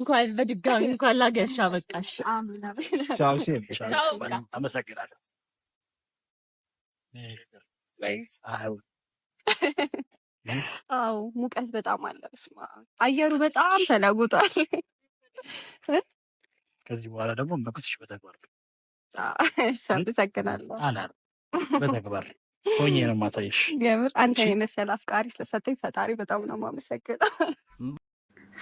እንኳን በድጋሚ እንኳን ላገሻ በቃሽ። አመሰግናለሁ። አዎ ሙቀት በጣም አለ። ስማ አየሩ በጣም ተለውጧል። ከዚህ በኋላ ደግሞ መኩስሽ በተግባር አመሰግናለሁ። በተግባር ሆኜ ነው የማሳይሽ። የምር አንተን የመሰለ አፍቃሪ ስለሰጠኝ ፈጣሪ በጣም ነው የማመሰግነው።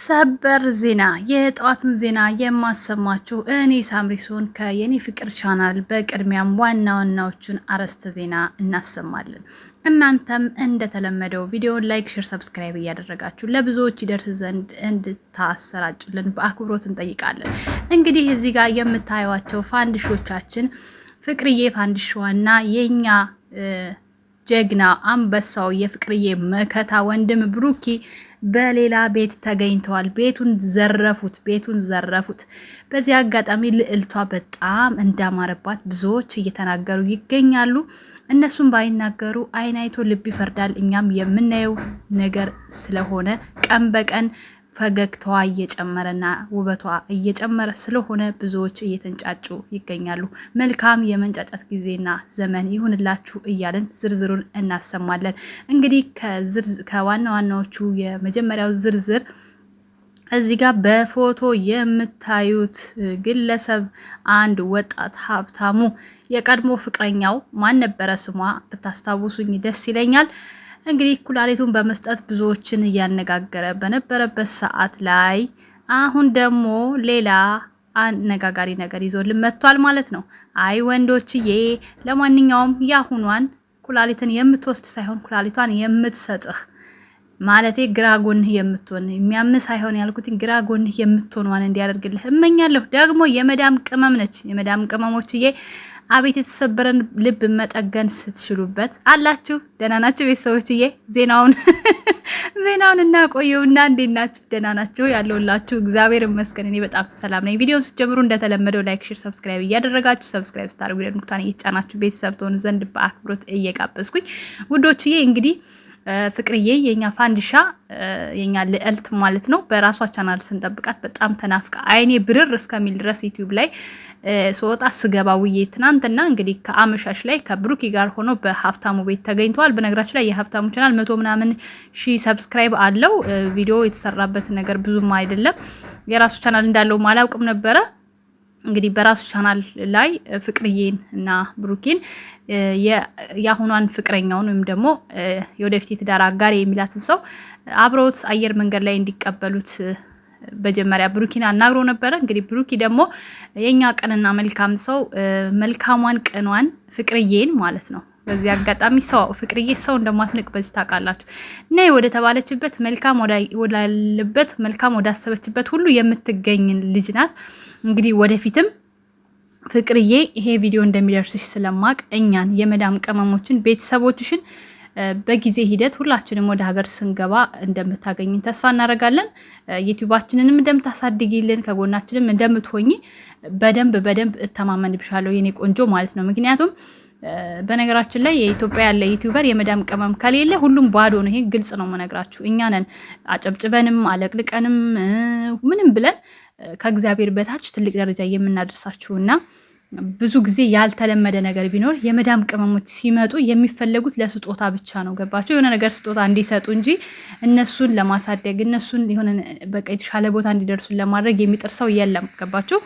ሰበር ዜና የጠዋቱን ዜና የማሰማችሁ እኔ ሳምሪ ሲሆን ከየኔ ፍቅር ቻናል። በቅድሚያም ዋና ዋናዎቹን አርዕስተ ዜና እናሰማለን። እናንተም እንደተለመደው ቪዲዮን ላይክ፣ ሼር፣ ሰብስክራይብ እያደረጋችሁ ለብዙዎች ይደርስ ዘንድ እንድታሰራጩልን በአክብሮት እንጠይቃለን። እንግዲህ እዚህ ጋር የምታዩዋቸው ፋንድሾቻችን ፍቅርዬ ፋንድሻዋና የኛ ጀግና አንበሳው የፍቅርዬ መከታ ወንድም ብሩኪ በሌላ ቤት ተገኝተዋል። ቤቱን ዘረፉት፣ ቤቱን ዘረፉት። በዚህ አጋጣሚ ልዕልቷ በጣም እንዳማረባት ብዙዎች እየተናገሩ ይገኛሉ። እነሱም ባይናገሩ አይን አይቶ ልብ ይፈርዳል። እኛም የምናየው ነገር ስለሆነ ቀን በቀን ፈገግታዋ እየጨመረና ውበቷ እየጨመረ ስለሆነ ብዙዎች እየተንጫጩ ይገኛሉ። መልካም የመንጫጫት ጊዜና ዘመን ይሁንላችሁ እያለን ዝርዝሩን እናሰማለን። እንግዲህ ከዋና ዋናዎቹ የመጀመሪያው ዝርዝር እዚህ ጋር በፎቶ የምታዩት ግለሰብ አንድ ወጣት ሀብታሙ የቀድሞ ፍቅረኛው ማን ነበረ ስሟ ብታስታውሱኝ ደስ ይለኛል። እንግዲህ ኩላሊቱን በመስጠት ብዙዎችን እያነጋገረ በነበረበት ሰዓት ላይ አሁን ደግሞ ሌላ አነጋጋሪ ነገር ይዞልን መጥቷል ማለት ነው። አይ ወንዶችዬ፣ ለማንኛውም ያሁኗን ኩላሊትን የምትወስድ ሳይሆን ኩላሊቷን የምትሰጥህ ማለቴ ግራ ጎንህ የምትሆን የሚያም ሳይሆን ያልኩትኝ ግራ ጎንህ የምትሆን ዋን እንዲያደርግልህ እመኛለሁ። ደግሞ የመዳም ቅመም ነች። የመዳም ቅመሞችዬ አቤት የተሰበረን ልብ መጠገን ስትችሉበት አላችሁ። ደህና ናችሁ ቤተሰቦችዬ? ዜናውን ዜናውን እናቆየውና እንዴት ናችሁ? ደህና ናችሁ? ያለውላችሁ እግዚአብሔር ይመስገን፣ እኔ በጣም ሰላም ነኝ። ቪዲዮን ስትጀምሩ እንደተለመደው ላይክ፣ ሼር፣ ሰብስክራይብ እያደረጋችሁ ሰብስክራይብ ስታደርጉ ደምታን እየተጫናችሁ ቤተሰብ ትሆኑ ዘንድ በአክብሮት እየጋበዝኩኝ ውዶችዬ እንግዲህ ፍቅርዬ የኛ ፋንዲሻ የኛ ልዕልት ማለት ነው። በራሷ ቻናል ስንጠብቃት በጣም ተናፍቃ አይኔ ብርር እስከሚል ድረስ ዩቲዩብ ላይ ስወጣ ስገባ ውዬ ትናንትና እንግዲህ ከአመሻሽ ላይ ከብሩኪ ጋር ሆኖ በሀብታሙ ቤት ተገኝተዋል። በነገራችን ላይ የሀብታሙ ቻናል መቶ ምናምን ሺ ሰብስክራይብ አለው። ቪዲዮ የተሰራበት ነገር ብዙም አይደለም። የራሱ ቻናል እንዳለው አላውቅም ነበረ። እንግዲህ በራሱ ቻናል ላይ ፍቅርዬን እና ብሩኬን የአሁኗን ፍቅረኛውን ወይም ደግሞ የወደፊት የትዳር አጋር የሚላትን ሰው አብረውት አየር መንገድ ላይ እንዲቀበሉት መጀመሪያ ብሩኪን አናግሮ ነበረ። እንግዲህ ብሩኪ ደግሞ የእኛ ቀንና መልካም ሰው መልካሟን ቀኗን ፍቅርዬን ማለት ነው በዚህ አጋጣሚ ሰው ፍቅርዬ ሰው እንደማትንቅ በዚህ ታውቃላችሁ። ነይ ወደ ተባለችበት መልካም ወዳለበት መልካም ወዳሰበችበት ሁሉ የምትገኝን ልጅ ናት። እንግዲህ ወደፊትም ፍቅርዬ ይሄ ቪዲዮ እንደሚደርስሽ ስለማቅ እኛን የመዳም ቅመሞችን ቤተሰቦችሽን በጊዜ ሂደት ሁላችንም ወደ ሀገር ስንገባ እንደምታገኝ ተስፋ እናደርጋለን። ዩቲዩባችንንም እንደምታሳድጊልን ከጎናችንም እንደምትሆኝ በደንብ በደንብ እተማመንብሻለሁ የኔ ቆንጆ ማለት ነው። ምክንያቱም በነገራችን ላይ የኢትዮጵያ ያለ ዩቲዩበር የመዳም ቅመም ከሌለ ሁሉም ባዶ ነው። ይሄ ግልጽ ነው መነግራችሁ። እኛ ነን አጨብጭበንም አለቅልቀንም ምንም ብለን ከእግዚአብሔር በታች ትልቅ ደረጃ የምናደርሳችሁ እና ብዙ ጊዜ ያልተለመደ ነገር ቢኖር የመዳም ቅመሞች ሲመጡ የሚፈለጉት ለስጦታ ብቻ ነው። ገባቸው የሆነ ነገር ስጦታ እንዲሰጡ እንጂ እነሱን ለማሳደግ እነሱን የሆነ በቃ የተሻለ ቦታ እንዲደርሱን ለማድረግ የሚጥር ሰው የለም። ገባቸው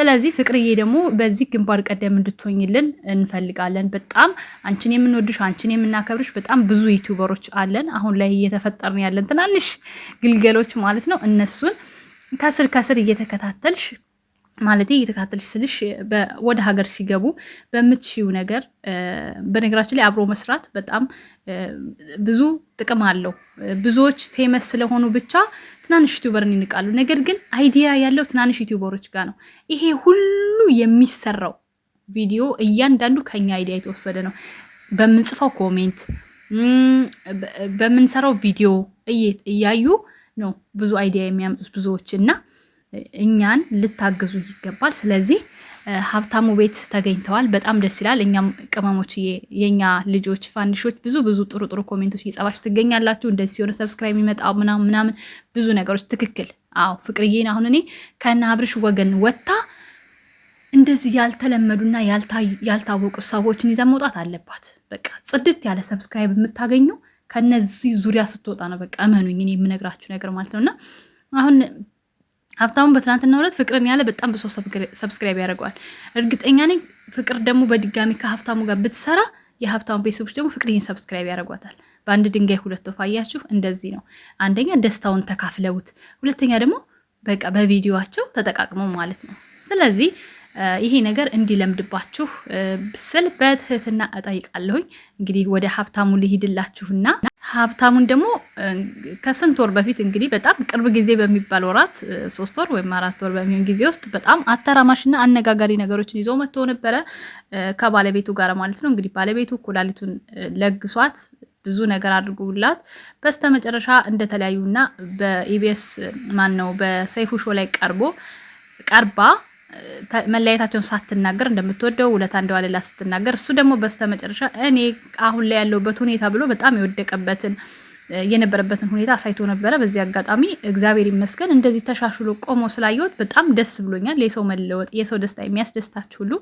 ስለዚህ ፍቅርዬ ደግሞ በዚህ ግንባር ቀደም እንድትሆኝልን እንፈልጋለን። በጣም አንቺን የምንወድሽ አንቺን የምናከብርሽ በጣም ብዙ ዩቱበሮች አለን አሁን ላይ እየተፈጠርን ያለን ትናንሽ ግልገሎች ማለት ነው። እነሱን ከስር ከስር እየተከታተልሽ ማለት እየተከታተልሽ ስልሽ ወደ ሀገር ሲገቡ በምትሽው ነገር በነገራችን ላይ አብሮ መስራት በጣም ብዙ ጥቅም አለው። ብዙዎች ፌመስ ስለሆኑ ብቻ ትናንሽ ዩቲዩበርን ይንቃሉ። ነገር ግን አይዲያ ያለው ትናንሽ ዩቲዩበሮች ጋር ነው ይሄ ሁሉ የሚሰራው ቪዲዮ። እያንዳንዱ ከኛ አይዲያ የተወሰደ ነው። በምንጽፈው ኮሜንት፣ በምንሰራው ቪዲዮ እያዩ ነው ብዙ አይዲያ የሚያምጡት ብዙዎች እና እኛን ልታግዙ ይገባል። ስለዚህ ሀብታሙ ቤት ተገኝተዋል። በጣም ደስ ይላል። እኛም ቅመሞች፣ የኛ ልጆች ፋንዲሾች ብዙ ብዙ ጥሩ ጥሩ ኮሜንቶች እየጻፋችሁ ትገኛላችሁ። እንደዚህ ሲሆነ ሰብስክራይብ የሚመጣው ምናምን ምናምን ብዙ ነገሮች ትክክል። አዎ ፍቅርዬን አሁን እኔ ከነ አብርሽ ወገን ወጥታ እንደዚህ ያልተለመዱና ያልታወቁ ሰዎችን ይዛ መውጣት አለባት። በቃ ጽድት ያለ ሰብስክራይብ የምታገኙ ከነዚህ ዙሪያ ስትወጣ ነው። በቃ እመኑኝ፣ እኔ የምነግራችሁ ነገር ማለት ነው እና አሁን ሀብታሙን በትናንትና ሁለት ፍቅርን ያለ በጣም ብሶ ሰብስክራይብ ያደርገዋል። እርግጠኛ ነኝ ፍቅር ደግሞ በድጋሚ ከሀብታሙ ጋር ብትሰራ የሀብታሙ ቤተሰቦች ደግሞ ይህን ሰብስክራይብ ያደርጓታል። በአንድ ድንጋይ ሁለት ወፍ አያችሁ። እንደዚህ ነው። አንደኛ ደስታውን ተካፍለውት፣ ሁለተኛ ደግሞ በቃ በቪዲዮቸው ተጠቃቅመው ማለት ነው። ስለዚህ ይሄ ነገር እንዲለምድባችሁ ስል በትህትና እጠይቃለሁኝ። እንግዲህ ወደ ሀብታሙ ልሂድላችሁና ሀብታሙን ደግሞ ከስንት ወር በፊት እንግዲህ በጣም ቅርብ ጊዜ በሚባል ወራት ሶስት ወር ወይም አራት ወር በሚሆን ጊዜ ውስጥ በጣም አተራማሽና አነጋጋሪ ነገሮችን ይዞ መጥቶ ነበረ ከባለቤቱ ጋር ማለት ነው። እንግዲህ ባለቤቱ ኩላሊቱን ለግሷት ብዙ ነገር አድርጉላት በስተመጨረሻ እንደተለያዩና በኢቢኤስ ማን ነው በሰይፉ ሾ ላይ ቀርቦ ቀርባ መለያየታቸውን ሳትናገር እንደምትወደው ውለታ እንደዋለላ ስትናገር እሱ ደግሞ በስተመጨረሻ እኔ አሁን ላይ ያለሁበት ሁኔታ ብሎ በጣም የወደቀበትን የነበረበትን ሁኔታ አሳይቶ ነበረ። በዚህ አጋጣሚ እግዚአብሔር ይመስገን እንደዚህ ተሻሽሎ ቆሞ ስላየሁት በጣም ደስ ብሎኛል። የሰው መለወጥ፣ የሰው ደስታ የሚያስደስታችሁ ሁሉ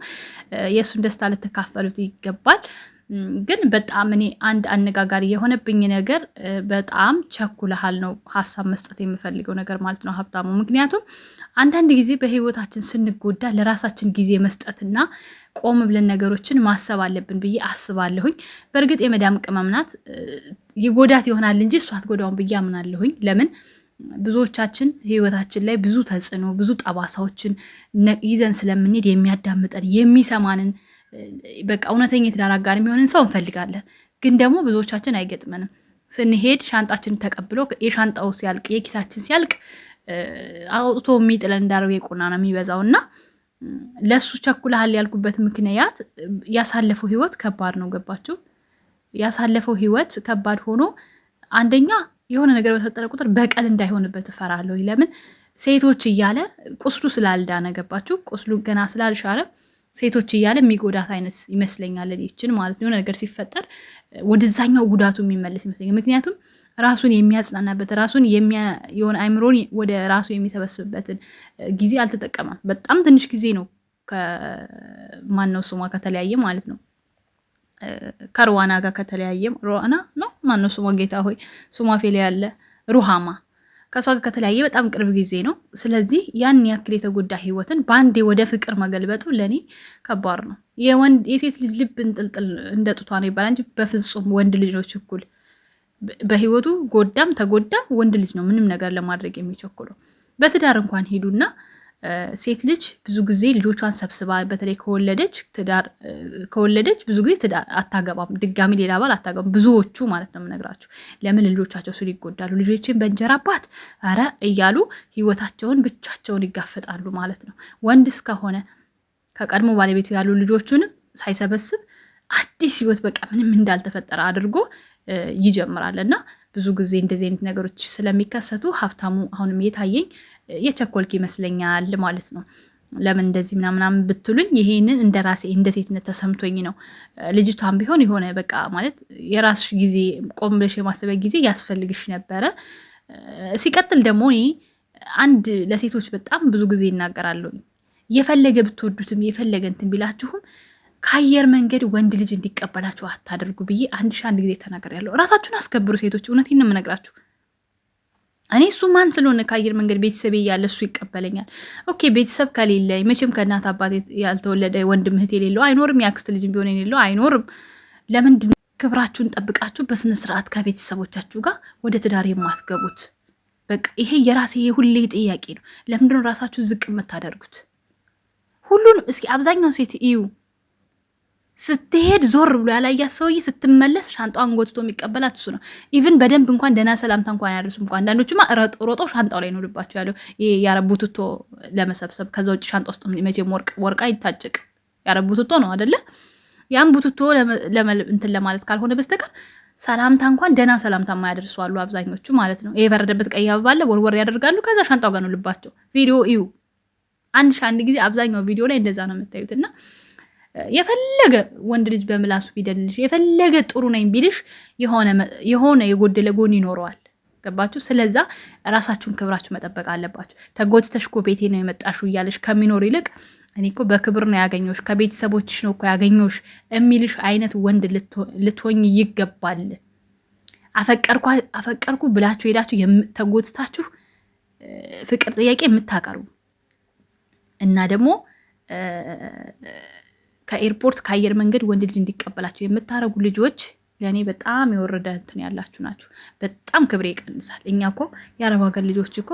የእሱን ደስታ ልትካፈሉት ይገባል። ግን በጣም እኔ አንድ አነጋጋሪ የሆነብኝ ነገር በጣም ቸኩለሃል ነው ሀሳብ መስጠት የምፈልገው ነገር ማለት ነው ሀብታሙ። ምክንያቱም አንዳንድ ጊዜ በህይወታችን ስንጎዳ ለራሳችን ጊዜ መስጠትና ቆም ብለን ነገሮችን ማሰብ አለብን ብዬ አስባለሁኝ። በእርግጥ የመዳም ቅመም ናት ይጎዳት ይሆናል እንጂ እሷ አትጎዳውን ብዬ አምናለሁኝ። ለምን ብዙዎቻችን ህይወታችን ላይ ብዙ ተጽዕኖ ብዙ ጠባሳዎችን ይዘን ስለምንሄድ የሚያዳምጠን የሚሰማንን በቃ እውነተኛ የትዳር አጋር የሚሆንን ሰው እንፈልጋለን። ግን ደግሞ ብዙዎቻችን አይገጥመንም። ስንሄድ ሻንጣችን ተቀብሎ የሻንጣው ሲያልቅ የኪሳችን ሲያልቅ አውጥቶ የሚጥለን እንዳደረገ የቁና ነው የሚበዛው እና ለእሱ ቸኩለሃል ያልኩበት ምክንያት ያሳለፈው ህይወት ከባድ ነው። ገባችሁ? ያሳለፈው ህይወት ከባድ ሆኖ አንደኛ የሆነ ነገር በተፈጠረ ቁጥር በቀል እንዳይሆንበት እፈራለሁ። ለምን ሴቶች እያለ ቁስሉ ስላልዳነ ገባችሁ? ቁስሉ ገና ስላልሻረ ሴቶች እያለ የሚጎዳት አይነት ይመስለኛል። እኔችን ማለት የሆነ ነገር ሲፈጠር ወደዛኛው ጉዳቱ የሚመለስ ይመስለኛል። ምክንያቱም ራሱን የሚያጽናናበት ራሱን የሆነ አይምሮን ወደ ራሱ የሚሰበስብበትን ጊዜ አልተጠቀመም። በጣም ትንሽ ጊዜ ነው ከማነው ስሟ ከተለያየ ማለት ነው ከሩዋና ጋር ከተለያየ ሩዋና ነው ማነው ስሟ ጌታ ሆይ ስሟ ፌላ ያለ ሩሃማ ከእሷ ጋር ከተለያየ በጣም ቅርብ ጊዜ ነው። ስለዚህ ያን ያክል የተጎዳ ህይወትን በአንዴ ወደ ፍቅር መገልበጡ ለእኔ ከባድ ነው። የሴት ልጅ ልብ እንጥልጥል እንደ ጡቷ ነው ይባላል እንጂ በፍጹም ወንድ ልጆች እኩል በህይወቱ ጎዳም ተጎዳም ወንድ ልጅ ነው ምንም ነገር ለማድረግ የሚቸኩለው። በትዳር እንኳን ሄዱና?። ሴት ልጅ ብዙ ጊዜ ልጆቿን ሰብስባ በተለይ ከወለደች ከወለደች ብዙ ጊዜ ትዳር አታገባም፣ ድጋሚ ሌላ ባል አታገባም። ብዙዎቹ ማለት ነው የምነግራቸው። ለምን ልጆቻቸው ሲሉ ይጎዳሉ። ልጆችን በእንጀራ አባት ኧረ እያሉ ህይወታቸውን ብቻቸውን ይጋፈጣሉ ማለት ነው። ወንድ እስከሆነ ከቀድሞ ባለቤቱ ያሉ ልጆቹንም ሳይሰበስብ አዲስ ህይወት በቃ ምንም እንዳልተፈጠረ አድርጎ ይጀምራል እና ብዙ ጊዜ እንደዚህ አይነት ነገሮች ስለሚከሰቱ ሀብታሙ አሁንም የታየኝ የቸኮልክ ይመስለኛል ማለት ነው። ለምን እንደዚህ ምናምናም ብትሉኝ ይሄንን እንደ ራሴ እንደ ሴትነት ተሰምቶኝ ነው። ልጅቷን ቢሆን የሆነ በቃ ማለት የራስሽ ጊዜ ቆም ብለሽ የማሰቢያ ጊዜ ያስፈልግሽ ነበረ። ሲቀጥል ደግሞ እኔ አንድ ለሴቶች በጣም ብዙ ጊዜ ይናገራለሁ። የፈለገ ብትወዱትም የፈለገ እንትን ቢላችሁም ከአየር መንገድ ወንድ ልጅ እንዲቀበላችሁ አታደርጉ ብዬ አንድ ሺ አንድ ጊዜ ያለው። ራሳችሁን አስከብሩ ሴቶች። እውነቴን ነው የምነግራችሁ። እኔ እሱ ማን ስለሆነ ከአየር መንገድ ቤተሰብ እያለ እሱ ይቀበለኛል። ኦኬ ቤተሰብ ከሌለ መቼም ከእናት አባት ያልተወለደ ወንድም እህት የሌለው አይኖርም። የአክስት ልጅ ቢሆን የሌለው አይኖርም። ለምንድን ክብራችሁን ጠብቃችሁ በስነ ስርዓት ከቤተሰቦቻችሁ ጋር ወደ ትዳር የማትገቡት? በቃ ይሄ የራሴ የሁሌ ጥያቄ ነው። ለምንድነው ራሳችሁ ዝቅ የምታደርጉት? ሁሉንም እስኪ አብዛኛው ሴት እዩ ስትሄድ ዞር ብሎ ያላያት ሰውዬ ስትመለስ ሻንጣዋን ጎትቶ የሚቀበላት እሱ ነው። ኢቭን በደንብ እንኳን ደህና ሰላምታ እንኳን አያደርሱም። እንኳ አንዳንዶቹማ ሮጦ ሻንጣው ላይ ይኖርባቸው ያለው ያረቡትቶ ለመሰብሰብ ከዛ ውጭ ሻንጣ ውስጥ መቼም ወርቃ ይታጭቅ ያረቡትቶ ነው አደለ? ያም ቡትቶ እንትን ለማለት ካልሆነ በስተቀር ሰላምታ እንኳን ደህና ሰላምታ የማያደርሱ አሉ፣ አብዛኞቹ ማለት ነው። የበረደበት ቀይ አበባ አለ ወርወር ያደርጋሉ። ከዛ ሻንጣው ጋር ነው ልባቸው። ቪዲዮ እዩ አንድ ሺህ አንድ ጊዜ አብዛኛው ቪዲዮ ላይ እንደዛ ነው የምታዩት እና የፈለገ ወንድ ልጅ በምላሱ ቢደልልሽ የፈለገ ጥሩ ነኝ ቢልሽ የሆነ የጎደለ ጎን ይኖረዋል። ገባችሁ? ስለዛ ራሳችሁን ክብራችሁ መጠበቅ አለባችሁ። ተጎትተሽ እኮ ቤቴ ነው የመጣሽው እያለሽ ከሚኖር ይልቅ እኔ እኮ በክብር ነው ያገኘሁሽ ከቤተሰቦችሽ ነው እኮ ያገኘሁሽ የሚልሽ አይነት ወንድ ልትሆኝ ይገባል። አፈቀርኩ ብላችሁ ሄዳችሁ ተጎትታችሁ ፍቅር ጥያቄ የምታቀርቡ እና ደግሞ ከኤርፖርት ከአየር መንገድ ወንድ ልጅ እንዲቀበላቸው የምታደረጉ ልጆች ለእኔ በጣም የወረደ እንትን ያላችሁ ናችሁ። በጣም ክብሬ ይቀንሳል። እኛ እኮ የአረብ ሀገር ልጆች እኮ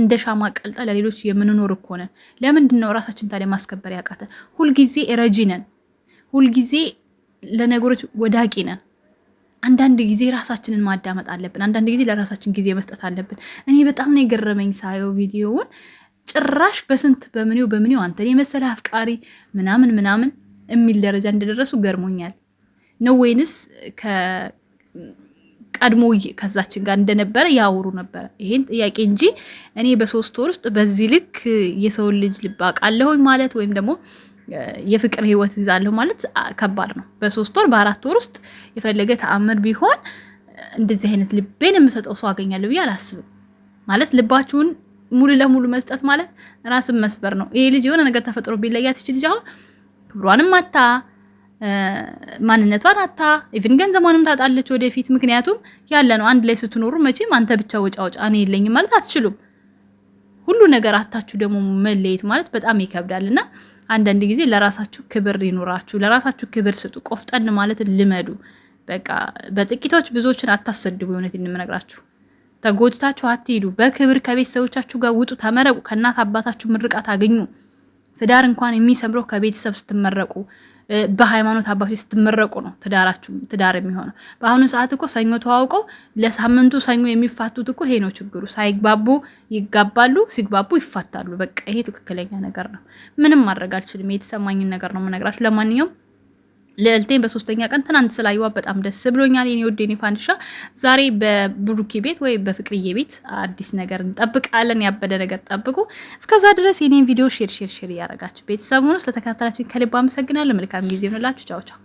እንደ ሻማ ቀልጣ ለሌሎች የምንኖር እኮ ነን። ለምንድን ነው ራሳችን ታዲያ ማስከበር ያቃተን? ሁልጊዜ ረጂ ነን። ሁልጊዜ ለነገሮች ወዳቂ ነን። አንዳንድ ጊዜ ራሳችንን ማዳመጥ አለብን። አንዳንድ ጊዜ ለራሳችን ጊዜ መስጠት አለብን። እኔ በጣም ነው የገረመኝ ሳየው ቪዲዮውን ጭራሽ በስንት በምኔው በምኔው አንተን የመሰለ አፍቃሪ ምናምን ምናምን የሚል ደረጃ እንደደረሱ ገርሞኛል። ነው ወይንስ ቀድሞ ከዛችን ጋር እንደነበረ ያወሩ ነበረ? ይሄን ጥያቄ እንጂ እኔ በሶስት ወር ውስጥ በዚህ ልክ የሰውን ልጅ ልብ አውቃለሁኝ ማለት ወይም ደግሞ የፍቅር ህይወት ይዛለሁ ማለት ከባድ ነው። በሶስት ወር በአራት ወር ውስጥ የፈለገ ተአምር ቢሆን እንደዚህ አይነት ልቤን የምሰጠው ሰው አገኛለሁ ብዬ አላስብም። ማለት ልባችሁን ሙሉ ለሙሉ መስጠት ማለት ራስን መስበር ነው። ይሄ ልጅ የሆነ ነገር ተፈጥሮ ቢለያት ይችል ክብሯንም አታ ማንነቷን አታ ኢቭን ገንዘቧንም ታጣለች ወደፊት። ምክንያቱም ያለ ነው አንድ ላይ ስትኖሩ መቼም አንተ ብቻ ወጫ ወጫ እኔ የለኝም ማለት አትችሉም። ሁሉ ነገር አታችሁ ደግሞ መለየት ማለት በጣም ይከብዳል እና አንዳንድ ጊዜ ለራሳችሁ ክብር ይኖራችሁ፣ ለራሳችሁ ክብር ስጡ። ቆፍጠን ማለት ልመዱ። በቃ በጥቂቶች ብዙዎችን አታሰድቡ። የእውነት እንመነግራችሁ ተጎትታችሁ አትሄዱ። በክብር ከቤተሰቦቻችሁ ጋር ውጡ፣ ተመረቁ፣ ከእናት አባታችሁ ምርቃት አገኙ። ትዳር እንኳን የሚሰምረው ከቤተሰብ ስትመረቁ በሃይማኖት አባቶች ስትመረቁ ነው ትዳራችሁ ትዳር የሚሆነው። በአሁኑ ሰዓት እኮ ሰኞ ተዋውቀው ለሳምንቱ ሰኞ የሚፋቱት እኮ ይሄ ነው ችግሩ። ሳይግባቡ ይጋባሉ፣ ሲግባቡ ይፋታሉ። በቃ ይሄ ትክክለኛ ነገር ነው። ምንም ማድረግ አልችልም። የተሰማኝን ነገር ነው የምነግራችሁ። ለማንኛውም ልዕልቴን በሶስተኛ ቀን ትናንት ስላየዋ በጣም ደስ ብሎኛል። የኔ ወደ ኔ ፋንድሻ ዛሬ በብሩኬ ቤት ወይ በፍቅርዬ ቤት አዲስ ነገር እንጠብቃለን። ያበደ ነገር ጠብቁ። እስከዛ ድረስ የኔን ቪዲዮ ሼር ሼር ሼር እያደረጋችሁ ቤተሰቡን ስለተከታተላችሁ ከልብ አመሰግናለሁ። መልካም ጊዜ ሆንላችሁ። ቻው ቻው